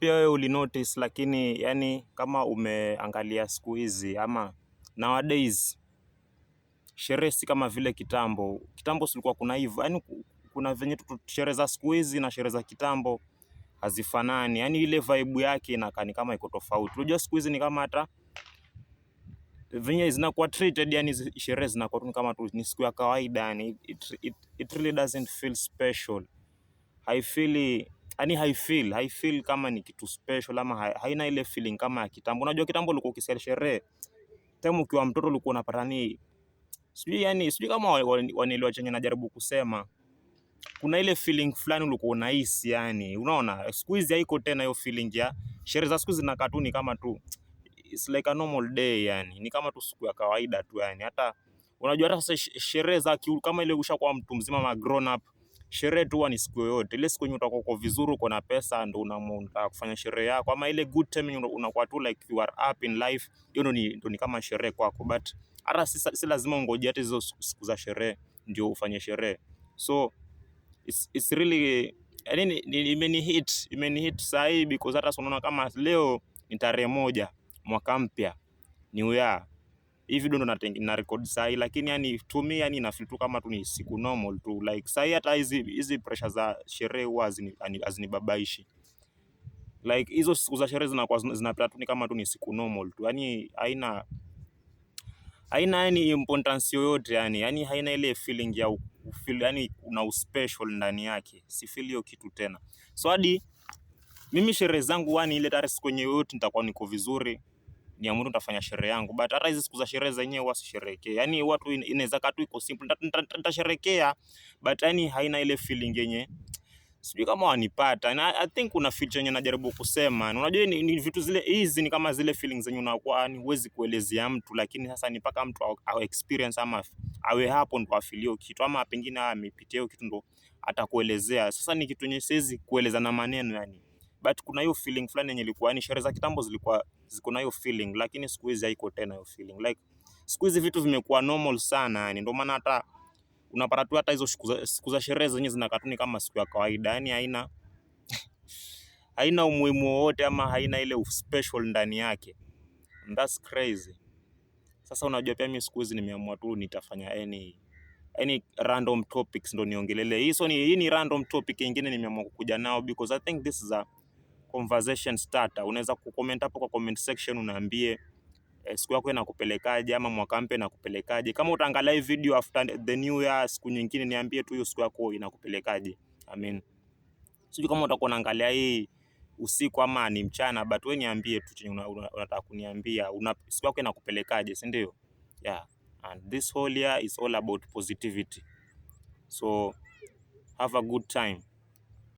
Pia wewe ulinotice lakini yani kama umeangalia siku hizi ama nowadays sherehe si kama vile kitambo. Kitambo silikuwa kuna hivyo yani, kuna venye sherehe za siku hizi na sherehe za kitambo hazifanani, yani ile vibe yake inakaa ni kama iko tofauti. Unajua siku hizi ni kama hata venye zinakuwa treated, yani sherehe zinakuwa tu kama tu ni siku ya kawaida yani, it, it, it really doesn't feel special haifili yani hai feel kama ni kitu special ama haina ile feeling kama ya kitambo. Unajua kitambo ulikuwa ukisikia sherehe temu ukiwa mtoto ulikuwa unapata ni sijui yani, sijui kama wanielewa chenye najaribu kusema. Kuna ile feeling fulani ulikuwa unahisi yani, unaona siku hizi haiko tena hiyo feeling ya sherehe za siku zinakaa tu ni kama tu it's like a normal day yani, ni kama tu siku ya kawaida tu yani. Hata unajua hata sasa sherehe za kama ile ushakuwa mtu mzima ma grown up sherehe tu huwa ni siku yoyote ile siku yenye utakuwa uko vizuri, uko na pesa, ndo unataka kufanya sherehe yako, ama ile good time unakuwa tu like you are up in life, hiyo ndio ni kama sherehe kwako, but hata si lazima ungoje hata hizo siku za sherehe ndio ufanye sherehe. So it's, it's really yani, imeni hit imeni hit sahii because hata unaona kama leo ni tarehe moja mwaka mpya new year hii video ndo na record sai, lakini yani to me yani na feel tu kama tu ni siku normal tu like sai. Hata hizi hizi pressure za sherehe huwa azinibabaishi like hizo siku za sherehe zinakuwa zinapita tu ni kama tu ni siku normal tu, yani haina haina yani importance yoyote yani, yani haina ile feeling ya feel yani una special ndani yake, si feel hiyo kitu tena. So hadi mimi sherehe zangu wani ile tarehe siku yenyewe yote nitakuwa niko vizuri niamuru nitafanya sherehe yangu, but hata hizi siku za sherehe zenyewe huwa sisherekee. Yani huwa tu inaweza kaa tu iko simple, nitasherekea but yani haina ile feeling yenye sijui kama wanipata na I think kuna feature yenye najaribu kusema, na unajua ni, ni vitu zile hizi ni kama zile feelings zenye unakuwa ni yaani huwezi kuelezea mtu, lakini sasa ni paka mtu au experience ama awe hapo ndo afilio kitu ama pengine amepitia kitu ndo atakuelezea. Sasa ni kitu nyesezi kueleza na maneno yani but kuna hiyo feeling fulani yenye ilikuwa ni sherehe za kitambo zilikuwa ziko na hiyo feeling, lakini siku hizi haiko tena hiyo feeling. Like siku hizi vitu vimekuwa normal sana, yani ndio maana hata unapata tu hata hizo siku za sherehe zenyewe zinakaa ni kama siku ya kawaida, yani haina haina umuhimu wowote ama haina ile special ndani yake. That's crazy. Sasa unajua pia mimi siku hizi nimeamua tu nitafanya any any random topics ndo niongelele. Hii so ni hii ni random topic nyingine nimeamua kukuja nao because I think this is a conversation starter. Unaweza kucomment hapo kwa comment section, unaambie eh, siku yako inakupelekaje ama mwaka mpya inakupelekaje. Kama utaangalia hii video after the new year siku nyingine, niambie tu hiyo siku yako inakupelekaje. I mean, sijui kama utakuwa unaangalia hii usiku ama ni mchana, but wewe niambie tu chenye unataka kuniambia, una siku yako inakupelekaje, si ndio? Yeah, and this whole year is all about positivity, so have a good time.